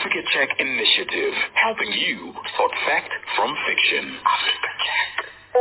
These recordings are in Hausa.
Africa Check Initiative, helping you sort fact from fiction. Check.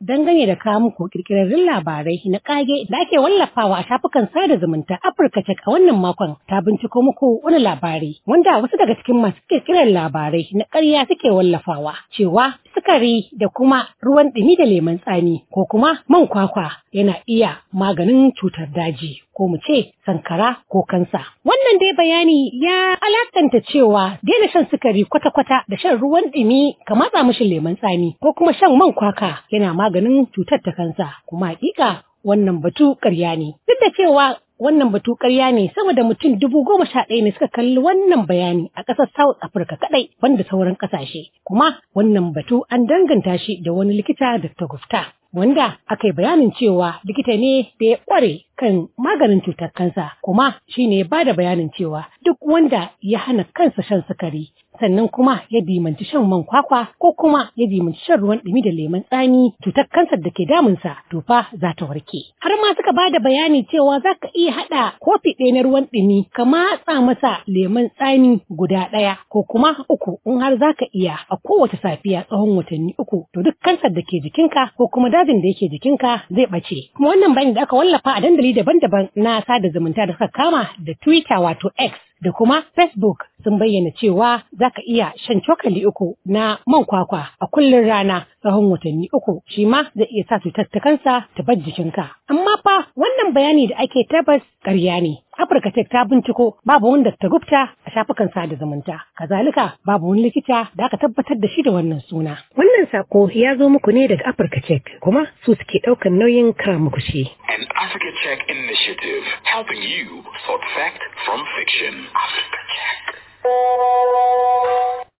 dangane da kawo muku kirkirarrin labarai na kage da ake wallafawa a shafukan sada zumunta Afirka Tech a wannan makon ta binciko muku wani labari wanda wasu daga cikin masu kirkirar labarai na ƙarya suke wallafawa cewa sukari da kuma ruwan ɗumi da lemon tsami ko kuma man kwakwa yana iya maganin cutar daji. ko mu ce sankara ko kansa. Wannan dai bayani ya alakanta cewa daina shan sukari kwata-kwata da shan ruwan ɗumi ka matsa mishi lemon tsami ko kuma shan man kwakwa yana maganin cutar ta kansa kuma hakika wannan batu ƙarya ne duk da cewa wannan batu ƙarya ne sama da mutum dubu goma sha ɗaya ne suka kalli wannan bayani a ƙasar South Africa kaɗai banda sauran ƙasashe kuma wannan batu an danganta shi da wani likita Dr. Gupta wanda aka yi bayanin cewa likita ne da ya ƙware kan maganin cutar kansa kuma shi ne ba da bayanin cewa duk wanda ya hana kansa shan sukari sannan kuma ya dimanci shan man kwakwa ko kuma ya dimanci shan ruwan dumi da lemon tsami cutar kansar da ke damunsa to fa za ta warke har ma suka ba da bayani cewa za ka iya haɗa kofi ɗaya na ruwan dumi ka matsa masa lemon tsami guda ɗaya ko kuma uku in har za ka iya a kowace safiya tsawon watanni uku to duk kansar da ke jikinka ko kuma dajin da yake jikinka zai ɓace kuma wannan bayani da aka wallafa a dandali. hanyoyi daban-daban na sada zumunta da suka kama da Twitter wato X da kuma Facebook sun bayyana cewa za ka iya shan cokali uku na man kwakwa a kullum rana tsawon watanni uku shi ma zai iya sa su tattakansa ta bar jikinka. Amma fa wannan bayani da ake tabbas ƙarya ne. Afirka Tech ta binciko babu wani ta gupta a shafukan sada zumunta. Kazalika babu wani likita da aka tabbatar da shi da wannan suna. Wannan sako ya zo muku ne daga Afirka Tech kuma su suke ɗaukar nauyin kara muku shi. An Africa Tech initiative helping you sort fact from fiction. Africa Tech.